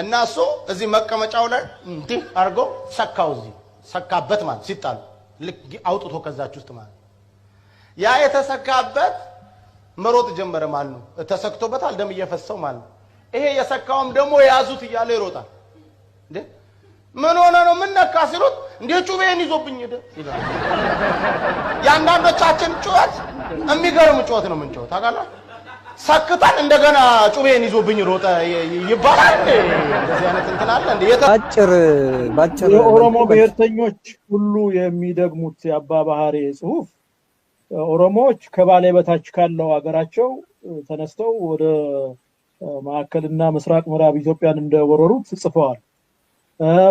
እና እሱ እዚህ መቀመጫው ላይ እንዲህ አድርጎ ሰካው። እዚህ ሰካበት ማለት ሲጣሉ ልክ አውጥቶ ከዛች ውስጥ ማለት ያ የተሰካበት መሮጥ ጀመረ ማለት ነው። ተሰክቶበታል፣ ደም እየፈሰው ማለት ነው። ይሄ የሰካውም ደግሞ የያዙት እያለ ይሮጣል። ምን ሆነ ነው ምን ነካ ሲሉት እንዴ ጩቤን ይዞብኝ ሄደ ይላል። የአንዳንዶቻችን ጩኸት የሚገርም ጩኸት ነው። ምን ጩኸት ታውቃላ? ሰክተን እንደገና ጩቤን ይዞብኝ ሮጠ ይባላል። እንደዚህ አይነት እንትን አለ እንዴ? ባጭር ባጭር የኦሮሞ ብሔርተኞች ሁሉ የሚደግሙት የአባ ባህሪ ጽሁፍ ኦሮሞዎች ከባሌ በታች ካለው ሀገራቸው ተነስተው ወደ ማዕከልና ምስራቅ ምዕራብ ኢትዮጵያን እንደወረሩት ጽፈዋል።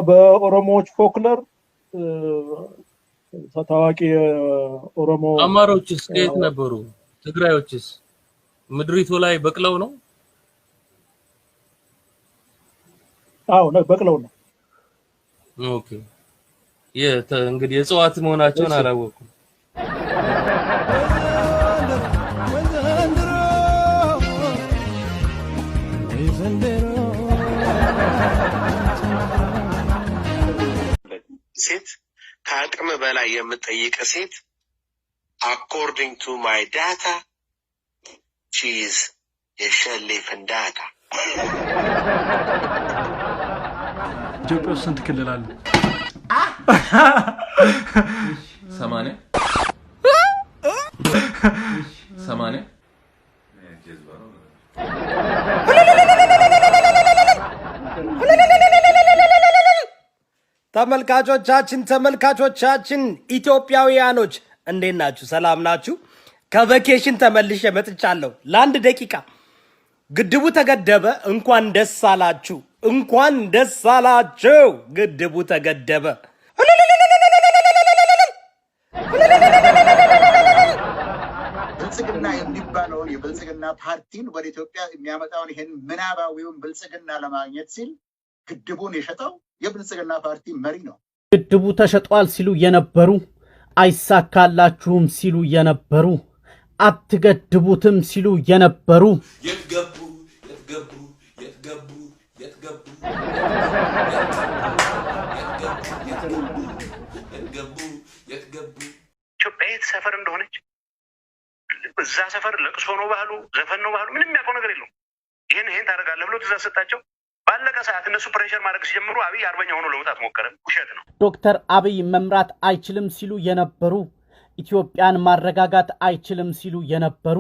በኦሮሞዎች ፎክለር ታዋቂ ኦሮሞ አማሮችስ ከየት ነበሩ? ትግራዮችስ ምድሪቱ ላይ በቅለው ነው? አዎ በቅለው ነው። ኦኬ። እንግዲህ የእጽዋት መሆናቸውን አላወቁም። ሴት ከአቅም በላይ የምጠይቅ ሴት አኮርዲንግ ቱ ማይ ዳታ ቺዝ የሸሌ ፍንዳታ። ኢትዮጵያ ውስጥ ስንት ክልል አለ? ሰማንያ ሰማንያ ተመልካቾቻችን ተመልካቾቻችን ኢትዮጵያውያኖች እንዴት ናችሁ? ሰላም ናችሁ? ከቬኬሽን ተመልሼ መጥቻለሁ። ለአንድ ደቂቃ ግድቡ ተገደበ፣ እንኳን ደስ አላችሁ፣ እንኳን ደስ አላችሁ። ግድቡ ተገደበ። ብልጽግና የሚባለውን የብልጽግና ፓርቲን ወደ ኢትዮጵያ የሚያመጣውን ይህን ምናባዊውን ብልጽግና ለማግኘት ሲል ግድቡን የሸጠው የብልጽግና ፓርቲ መሪ ነው። ግድቡ ተሸጧል ሲሉ የነበሩ አይሳካላችሁም ሲሉ የነበሩ አትገድቡትም ሲሉ የነበሩ የትገቡ የትገቡ የትገቡ የትገቡ ኢትዮጵያ የት ሰፈር እንደሆነች እዛ ሰፈር ለቅሶ ነው ባህሉ፣ ዘፈን ነው ባህሉ። ምንም የሚያውቀው ነገር የለውም። ይህን ይህን ታደርጋለህ ብሎ ትእዛዝ ሰጣቸው። ባለቀ ሰዓት እነሱ ፕሬሽር ማድረግ ሲጀምሩ አብይ አርበኛ ሆኖ ለመውጣት ሞከረ። ውሸት ነው። ዶክተር አብይ መምራት አይችልም ሲሉ የነበሩ ኢትዮጵያን ማረጋጋት አይችልም ሲሉ የነበሩ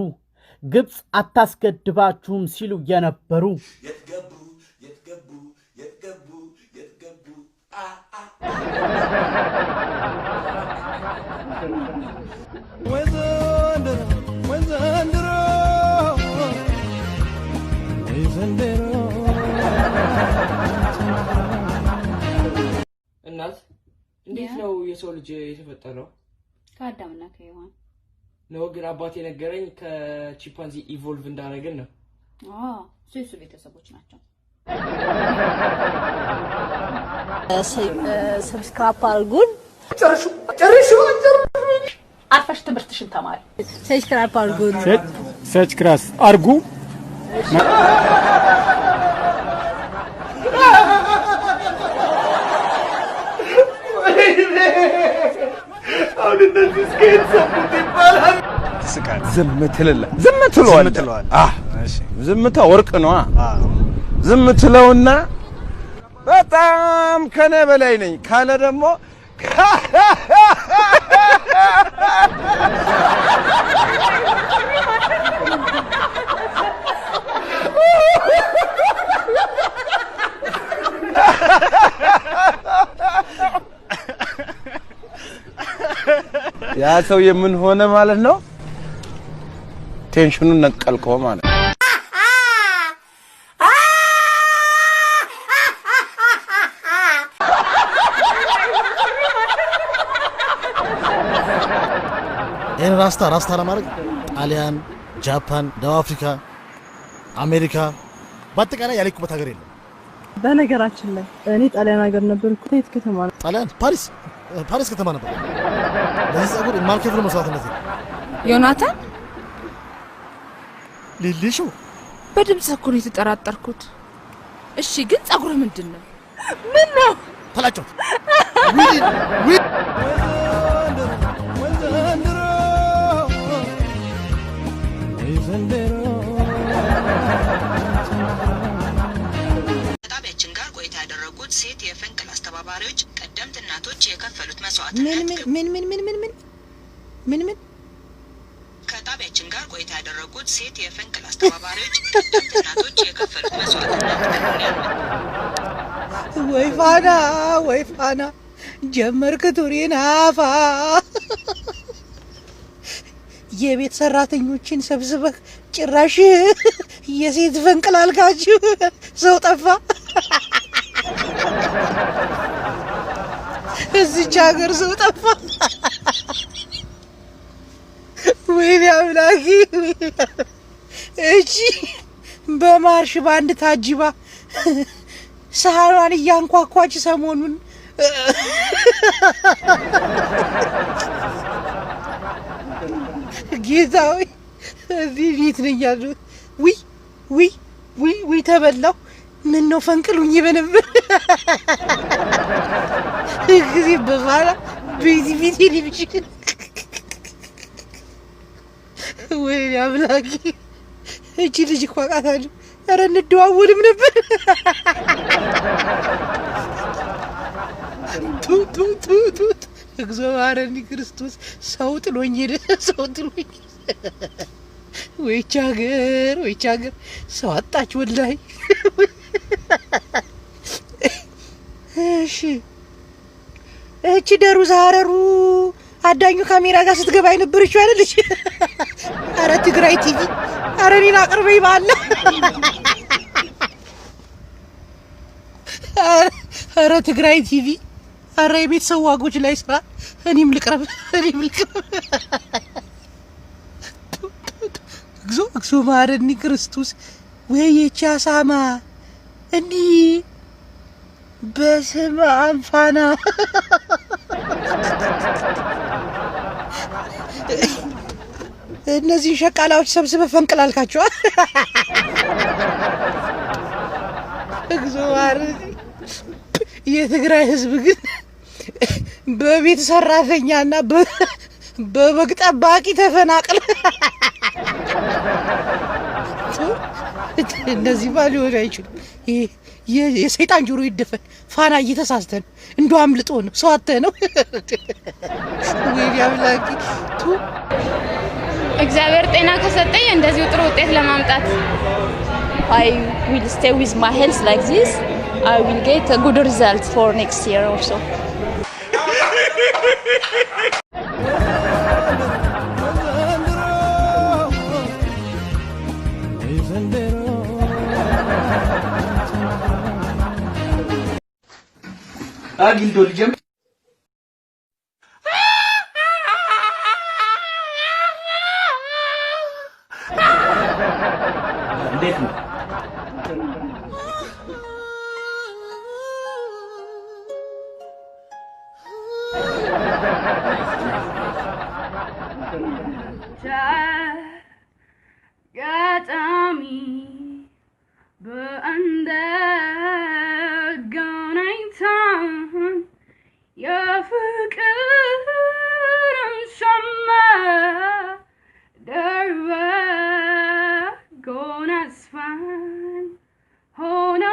ግብፅ አታስገድባችሁም ሲሉ የነበሩ ዘንድሮ እናት እንዴት ነው የሰው ልጅ የተፈጠረው? ከአዳምና ከሔዋን ነው። ግን አባት የነገረኝ ከቺምፓንዚ ኢቮልቭ እንዳደረግን ነው። እሱ የሱ ቤተሰቦች ናቸው። ሰብስክራፕ አርጉን። ጨርሹ ጨርሹ ጨርሹ። አርፈሽ ትምህርትሽን ተማሪ። ሰብስክራፕ አርጉን። ሰብስክራፕ አርጉ። አሁን እነዚህ እስከ የት ሰሙት ይባላል። ዝም ትልላ ዝም ትለዋል። ዝምታ ወርቅ ነዋ። ዝም ትለውና በጣም ከነ በላይ ነኝ ካለ ደግሞ ያ ሰው የምን ሆነ ማለት ነው? ቴንሽኑን ነቀልከው ማለት ነው። ይህን ራስታ ራስታ ለማድረግ ጣሊያን፣ ጃፓን፣ ደቡብ አፍሪካ፣ አሜሪካ በአጠቃላይ ያለኩበት ሀገር የለም። በነገራችን ላይ እኔ ጣሊያን ሀገር ነበርኩ። የት ከተማ ነው? ጣሊያን ፓሪስ፣ ፓሪስ ከተማ ነበር። ለዚህ ጸጉር የማልከፍል መስዋዕትነት ነው። ዮናታን ሊሊሹ፣ በድምፅ እኮ ነው የተጠራጠርኩት። እሺ፣ ግን ጸጉር ምንድን ነው? ምን ነው ተላጨው ዘንድሮ ቆይታ ያደረጉት ሴት የፈንቅል አስተባባሪዎች ቀደምት እናቶች የከፈሉት መስዋዕትነት ምን ምን ምን ምን ምን ምን ምን ከጣቢያችን ጋር ቆይታ ያደረጉት ሴት የፈንቅል አስተባባሪዎች ቀደምት እናቶች የከፈሉት መስዋዕትነት ወይ ፋና ወይ ፋና ጀመርክ ቱሪን አፋ የቤት ሰራተኞችን ሰብስበህ ጭራሽ የሴት ፈንቅል አልካችሁ ሰው ጠፋ። እዚች ሀገር ሰው ጠፋ። ወይኔ እቺ በማርሽ ባንድ ታጅባ ሳህኗን እያንኳኳች ሰሞኑን ጌታዊ እዚህ ቤት ነኝ ያሉ ውይ ውይ ውይ ውይ ተበላው ምን ነው ፈንቅሉኝ በነበር ጊዜ በኋላ በዚህ ቴሌቪዥን ወይ አምላኬ እቺ ልጅ እኮ አውቃታለሁ። ኧረ እንደዋወልም ነበር ቱቱቱቱት እግዚኦ ማረኒ ክርስቶስ ሰው ጥሎኝ ሄደ። ሰው ጥሎኝ ወይቻ ሀገር ወይቻ ሀገር ሰው አጣች ወላሂ እሺ እቺ ደሩ ዛረሩ አዳኙ ካሜራ ጋር ስትገባ የነበረችው አይደለች? አረ ትግራይ ቲቪ፣ አረ እኔን አቅርበኝ ባለ። አረ ትግራይ ቲቪ፣ አረ የቤተሰብ ዋጎች ላይ ስራ። እኔም ልቅረብ፣ እኔም ልቅረብ። እግዚኦ፣ እግዚኦ ማረኒ ክርስቶስ! ወይ የቻ ሳማ እንዲህ በስም አንፋና እነዚህ ሸቃላዎች ሰብስበ ፈንቅላልካቸዋል። እግዚአብሔር የትግራይ ህዝብ ግን በቤት ሰራተኛና በበግ ጠባቂ ተፈናቅለ እንደዚህ ባ ሊሆን አይችልም። የሰይጣን ጆሮ ይደፈን። ፋና እየተሳስተን እንደ አምልጦ ነው ሰዋተ ነው ወይዲ አምላኪ ቱ እግዚአብሔር ጤና ከሰጠኝ እንደዚሁ ጥሩ ውጤት ለማምጣት I will stay with my Ha gildi olacağım. that's fine. Hold oh,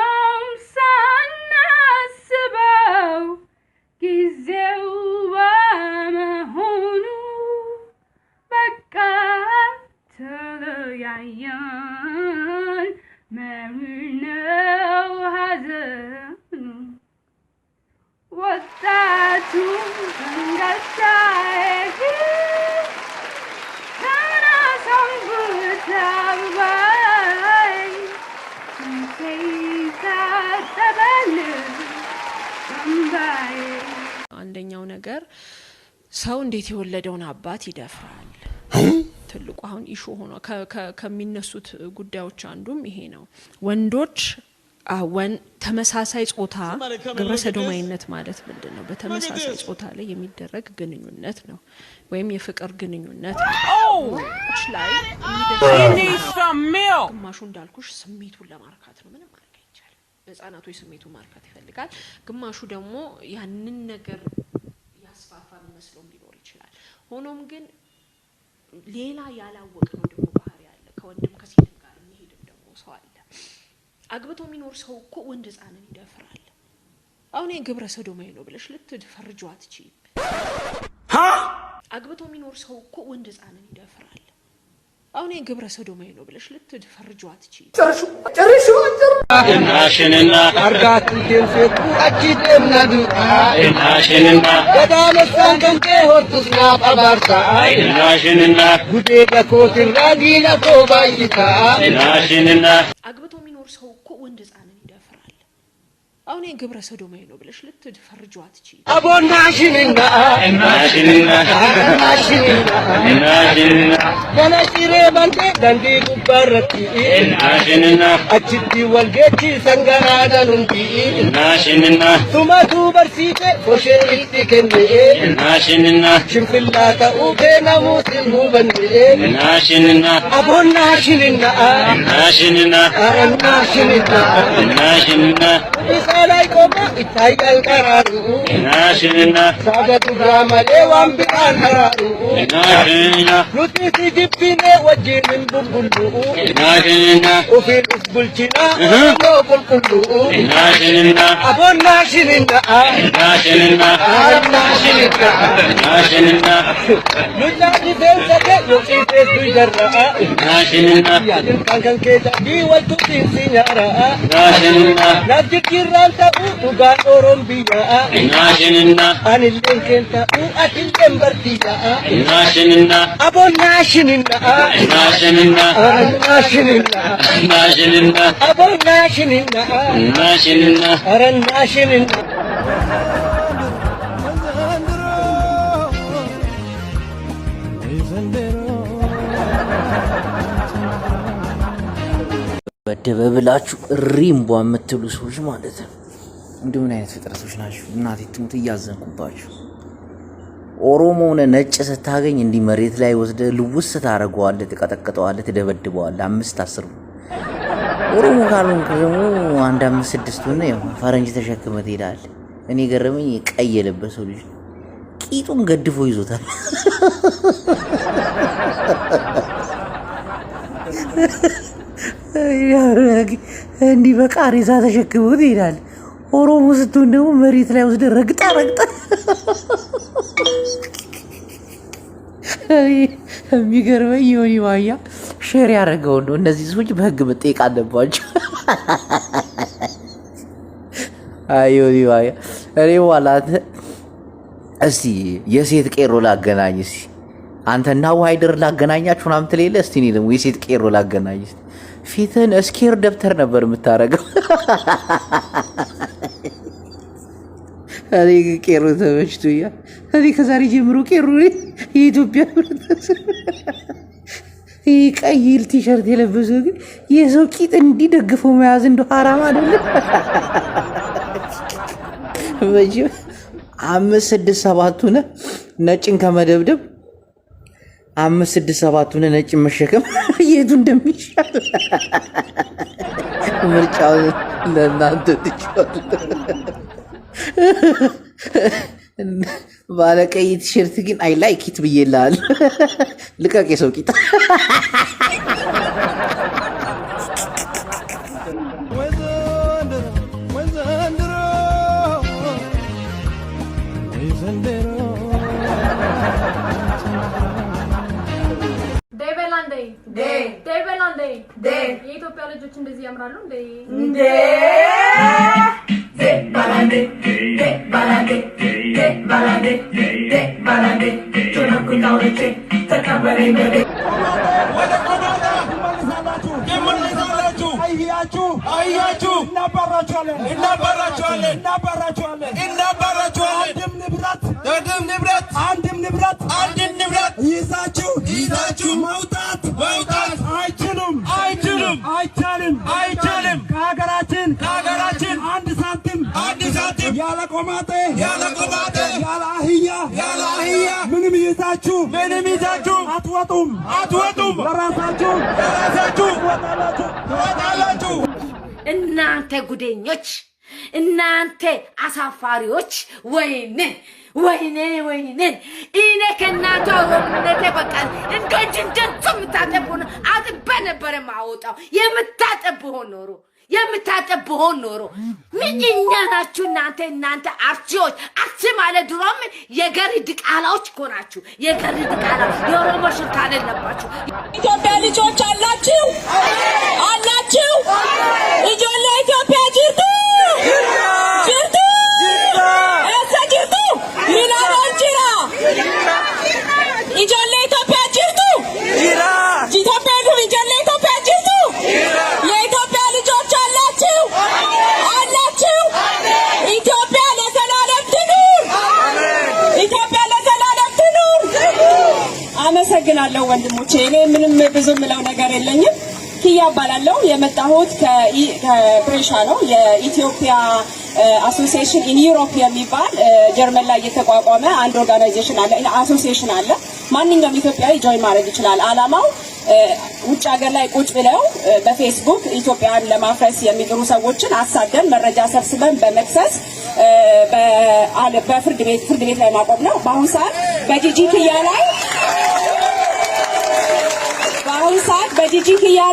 አንደኛው ነገር ሰው እንዴት የወለደውን አባት ይደፍራል? ትልቁ አሁን ኢሹ ሆኖ ከሚነሱት ጉዳዮች አንዱም ይሄ ነው። ወንዶች ወን ተመሳሳይ ጾታ ግብረ ሰዶማዊነት ማለት ምንድን ነው? በተመሳሳይ ጾታ ላይ የሚደረግ ግንኙነት ነው ወይም የፍቅር ግንኙነት ግማሹ እንዳልኩሽ ስሜቱን ለማርካት ነው። ምንም ማድረግ አይቻልም። በህጻናቶች ስሜቱን ማርካት ይፈልጋል። ግማሹ ደግሞ ያንን ነገር ሀሳብ መስሎም ሊኖር ይችላል። ሆኖም ግን ሌላ ነው ደግሞ ባህሪ አለ። ከወንድም ከሴትም ጋር የሚሄድም ደግሞ ሰው አለ። አግብቶ የሚኖር ሰው እኮ ወንድ ህፃንን ይደፍራል። አሁን ግብረ ሰዶማዊ ነው ብለሽ ልትፈርጇ አትችይም። አግብቶ የሚኖር ሰው እኮ ወንድ ህፃንን ይደፍራል። አሁን የግብረ ሰዶማዊ ነው ብለሽ ልትፈርጂው አትችይ። አግብቶ የሚኖር ሰው እኮ ወንድ ህጻን አሁን ይሄን ግብረ ሰዶማዊ ነው ብለሽ ልትፈርጁ አትችይ። አቦናሽንና እናሽንና እናሽንና ገነሽሬ ባንቴ ዳንዲ ጉባረቲ እናሽንና አችቲ ወልጌቺ ሰንገና ገሉንቲ እናሽንና ቱማቱ በርሲቴ ሽንፍላ ተኡ ከናሙ ሲሉ አቦናሽንና እናሽንና አረናሽንና እናሽንና ላይ ቆመ ይታያል ቀራሩ ናሽንና ሳገቱ ብራማሌ ዋንብቃን ሀራሩ ናሽንና ኑቲ ሲጅቢኔ ወጂንን ቡቡሉ ናሽንና ኡፊን ኡስ ቡልችና ቁልቁሉ ናሽንና አቦን ናሽንና አና ناشننا نجلعني فيه سكت يوشي فيه تجرأ ناشننا تلقان كان كيدا بي والتوتين سيارا ناشننا نبجي كيران تقو تقان أورم بيا ناشننا أنا اللين كنت أو أتين جنبر تيا ناشننا أبو ناشننا ناشننا ناشننا ناشننا أبو ناشننا ناشننا أرن ناشننا በደበ ብላችሁ ሪምቧ የምትሉ ሰዎች ማለት ነው። እንዲሁ ምን አይነት ፍጥረቶች ናቸው? እናቴ ትሙት እያዘንኩባችሁ። ኦሮሞ ሆነ ነጭ ስታገኝ እንዲህ መሬት ላይ ወስደ ልውስ ታደርገዋለህ፣ ትቀጠቅጠዋለህ፣ ትደበድበዋለህ። አምስት አስሩ ኦሮሞ ካልሆንክ ደግሞ አንድ አምስት ስድስት ሆነ ፈረንጅ ተሸክመ ትሄዳለህ። እኔ ገረመኝ። ቀይ የለበሰው ልጅ ቂጡን ገድፎ ይዞታል። እንዲህ በቃሬዛ ተሸክመው ይሄዳል። ኦሮሞ ስትሆን ደግሞ መሬት ላይ ወስደ ረግጠ ረግጠ የሚገርመኝ ዮኒ ማኛ ሼር ያደረገው ነው። እነዚህ ሰዎች በህግ መጠየቅ አለባቸው። ዮኒ ማኛ እኔ ዋላት እስቲ የሴት ቄሮ ላገናኝ እስቲ አንተና ዋይደር ላገናኛችሁ ምናምን ትሌለ እስቲ እኔ ደግሞ የሴት ቄሮ ላገናኝ እስቲ ፊትን እስኪር ደብተር ነበር የምታደርገው። እኔ ቄሮ ተመችቶኛል። እኔ ከዛሬ ጀምሮ ቄሮ የኢትዮጵያ ህብረተሰብ ይህ ቲሸርት የለበሰ ግን የሰው ቂጥ እንዲደግፈው መያዝ እንደ ሀራም አይደለም። መቼም አምስት ስድስት ሰባት ሆነ ነጭን ከመደብደብ አምስት ስድስት ሰባት ሆነ ነጭን መሸከም የቱ እንደሚሻል ምርጫው ለእናንተ ባለቀይ ቲሸርት ግን አይ ላይክ ኢት ብዬላል። ልቀቅ የሰው ቂጣ పేర్లు అందే డే టే పేర్లు అందే డే ఈ తొప్పేలో చూచిండే సీఎం రాళ్ళు ఉండే డే డే బలందే డే బలందే డే బలందే డే బలందే చునకు నౌరచే తకబరే మేడే Ayyachu, ayyachu, na barachole, na barachole, na barachole. ንብረት አንድን ንብረት ይዛችሁ ይዛችሁ መውጣት መውጣት አይችሉም አይችሉም አይቻልም አይቻልም። ከሀገራችን ከሀገራችን አንድ ሳንቲም አንድ ሳንቲም ያለ ቆማጤ ያለ ቆማጤ ያለ አህያ ያለ አህያ ምንም ይዛችሁ ምንም ይዛችሁ አትወጡም አትወጡም። ለራሳችሁ ለራሳችሁ ትወጣላችሁ። እናንተ ጉደኞች፣ እናንተ አሳፋሪዎች፣ ወይን ወይኔ ወይኔ እኔ ከእናቷ ሆምነቴ በቃ እንደ ጅንጀት የምታጠብ ሆኖ አጥበ ነበረ ማወጣው የምታጠብ ሆን ኖሮ የምታጠብ ሆን ኖሮ ምንኛ ናችሁ እናንተ እናንተ አርቺዎች አርቺ ማለት ድሮም የገሪ ድቃላዎች እኮ ናችሁ የገሪ ድቃላ የኦሮሞ ሽርታ አለባችሁ ኢትዮጵያ ልጆች አላችሁ አላችሁ ልጆ ለኢትዮጵያ አመሰግናለሁ ወንድሞቼ። እኔ ምንም ብዙ የምለው ነገር የለኝም። ኪያ እባላለሁ። የመጣሁት ከፕሬሻ ነው። የኢትዮጵያ አሶሲዬሽን ኢን ዩሮፕ የሚባል ጀርመን ላይ የተቋቋመ አንድ ኦርጋናይዜሽን አለ፣ አሶሲዬሽን አለ። ማንኛውም ኢትዮጵያዊ ጆይን ማድረግ ይችላል። አላማው ውጭ ሀገር ላይ ቁጭ ብለው በፌስቡክ ኢትዮጵያን ለማፍረስ የሚጥሩ ሰዎችን አሳደን መረጃ ሰብስበን በመክሰስ በፍርድ ቤት ፍርድ ቤት ላይ ማቆም ነው። በአሁኑ ሰዓት በጂጂ ኪያ ላይ በአሁኑ ሰዓት በጂጂ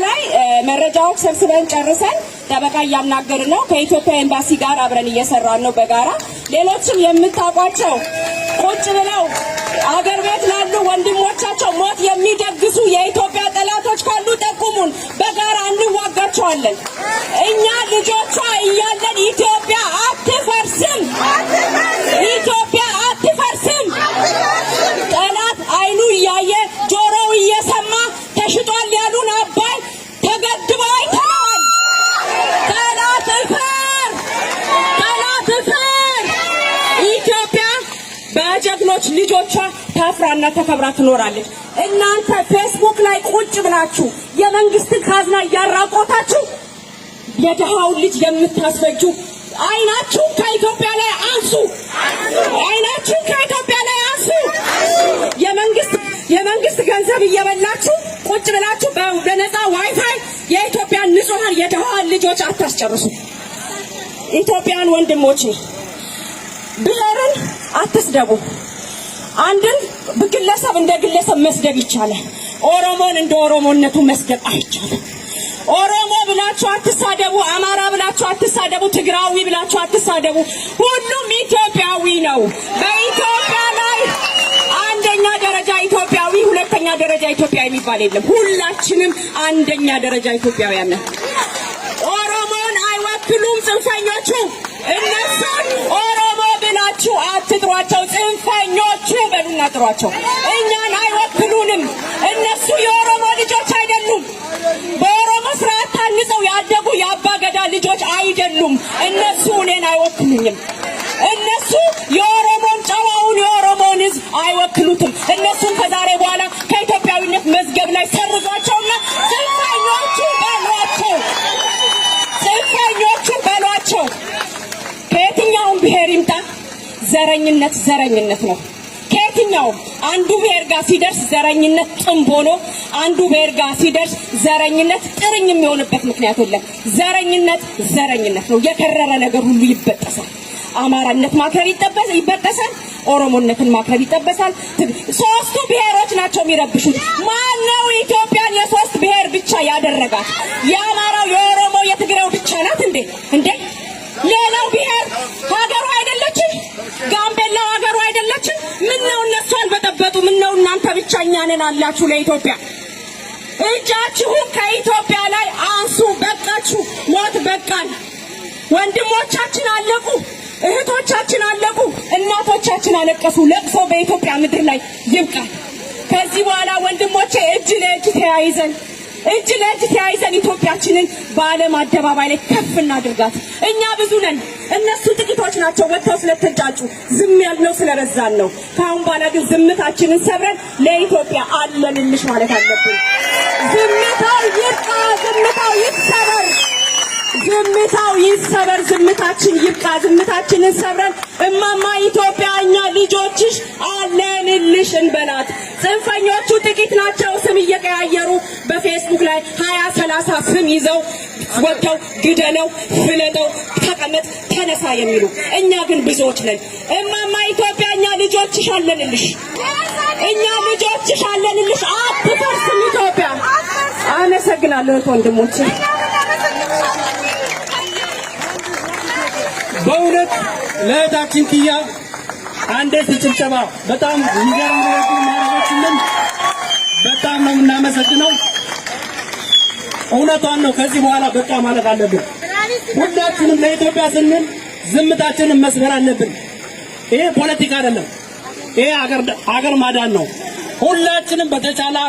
ላይ መረጃዎች ሰብስበን ጨርሰን ጠበቃ እያናገርን ነው። ከኢትዮጵያ ኤምባሲ ጋር አብረን እየሰራን ነው በጋራ ሌሎችም የምታውቋቸው ቁጭ ብለው አገር ቤት ላሉ ወንድሞቻቸው ሞት የሚደግሱ የኢትዮጵያ ጠላቶች ካሉ ጠቁሙን፣ በጋራ እንዋጋቸዋለን። እኛ ልጆቿ እያለን ኢትዮጵያ አትፈርስም። ልጆቿ ታፍራና ተከብራ ትኖራለች። እናንተ ፌስቡክ ላይ ቁጭ ብላችሁ የመንግስትን ካዝና እያራቆታችሁ የድሃውን ልጅ የምታስፈጁ አይናችሁን ከኢትዮጵያ ላይ አንሱ! አይናችሁን ከኢትዮጵያ ላይ አንሱ! የመንግስት የመንግስት ገንዘብ እየበላችሁ ቁጭ ብላችሁ በነፃ ዋይፋይ የኢትዮጵያን ንጹሃን የድሃዋን ልጆች አታስጨርሱ። ኢትዮጵያን ወንድሞቼ ብሔርን አትስደቡ። አንድን ግለሰብ እንደ ግለሰብ መስደብ ይቻላል። ኦሮሞን እንደ ኦሮሞነቱ መስደብ አይቻልም። ኦሮሞ ብላችሁ አትሳደቡ፣ አማራ ብላችሁ አትሳደቡ፣ ትግራዊ ብላችሁ አትሳደቡ። ሁሉም ኢትዮጵያዊ ነው። በኢትዮጵያ ላይ አንደኛ ደረጃ ኢትዮጵያዊ፣ ሁለተኛ ደረጃ ኢትዮጵያ የሚባል የለም። ሁላችንም አንደኛ ደረጃ ኢትዮጵያውያን ነን። ኦሮሞን አይወክሉም ጽንፈኞቹ እነሱን ብላችሁ አትጥሯቸው። ጽንፈኞቹ በሉና ጥሯቸው። እኛን አይወክሉንም። እነሱ የኦሮሞ ልጆች አይደሉም። በኦሮሞ ስርዓት ታንጸው ያደጉ የአባገዳ ልጆች አይደሉም። እነሱ እኔን አይወክሉኝም። እነሱ የኦሮሞን ጨዋውን የኦሮሞን ህዝብ አይወክሉትም። እነሱን ከዛሬ በኋላ ዘረኝነት ዘረኝነት ነው። ከየትኛውም አንዱ ብሔር ጋር ሲደርስ ዘረኝነት ጥንብ ሆኖ አንዱ ብሔር ጋር ሲደርስ ዘረኝነት ጥርኝ የሚሆንበት ምክንያት የለም። ዘረኝነት ዘረኝነት ነው። የከረረ ነገር ሁሉ ይበጠሳል። አማራነት ማክረር ይበጠሳል። ኦሮሞነትን ማክረር ይጠበሳል። ሶስቱ ብሔሮች ናቸው የሚረብሹት። ማነው ኢትዮጵያን የሶስት ብሔር ብቻ ያደረጋት? የአማራው፣ የኦሮሞ፣ የትግራው ብቻ ናት እንዴ? እንዴ ሌላው ብሔር ሀገሩ አይደለችም? ጋምቤላው ሀገሩ አይደለችም? ምነው እነሱ አልበጠበጡ? ምነው እናንተ ብቻ እኛንን አላችሁ ለኢትዮጵያ? እጃችሁን ከኢትዮጵያ ላይ አንሱ። በቃችሁ። ሞት በቃል ወንድሞቻችን አለቁ፣ እህቶቻችን አለቁ፣ እናቶቻችን አለቀሱ። ለቅሶ በኢትዮጵያ ምድር ላይ ይብቃል። ከዚህ በኋላ ወንድሞቼ እጅ ለእጅ ተያይዘን እጅ ለእጅ ተያይዘን ኢትዮጵያችንን በዓለም አደባባይ ላይ ከፍ እናድርጋት። እኛ ብዙ ነን፣ እነሱ ጥቂቶች ናቸው። ወጥተው ስለተጫጩ ዝም ያልነው ስለረዛን ነው። ከአሁን በኋላ ግን ዝምታችንን ሰብረን ለኢትዮጵያ አለንልሽ ማለት አለብን። ዝምታው ይርቃ፣ ዝምታው ይሰበር፣ ዝምታው ይሰበር፣ ዝምታችን ይርቃ። ዝምታችንን ሰብረን እማማ ኢትዮጵያ እኛ ልጆችሽ አለንልሽ እንበላት። ጽንፈኞቹ ጥቂት ናቸው። ስም እየቀያየሩ በፌስቡክ ላይ ሀያ ሰላሳ ስም ይዘው ወጥተው ግደለው፣ ፍለጠው፣ ተቀመጥ፣ ተነሳ የሚሉ እኛ ግን ብዙዎች ነን። እማማ ኢትዮጵያ እኛ ልጆችሽ አለንልሽ፣ እኛ ልጆችሽ አለንልሽ። አትፈርስም ኢትዮጵያ። አመሰግናለሁ ወንድሞቼ። በእውነት ለእህታችን ትያ አንዴት ጭብጨባ። በጣም የሚገርም ማድረጋችንን በጣም ነው የምናመሰግነው። እውነቷን ነው። ከዚህ በኋላ በቃ ማለት አለብን። ሁላችንም ለኢትዮጵያ ስንል ዝምታችንን መስበር አለብን። ይሄ ፖለቲካ አይደለም። ይሄ አገር ማዳን ነው። ሁላችንም በተቻለ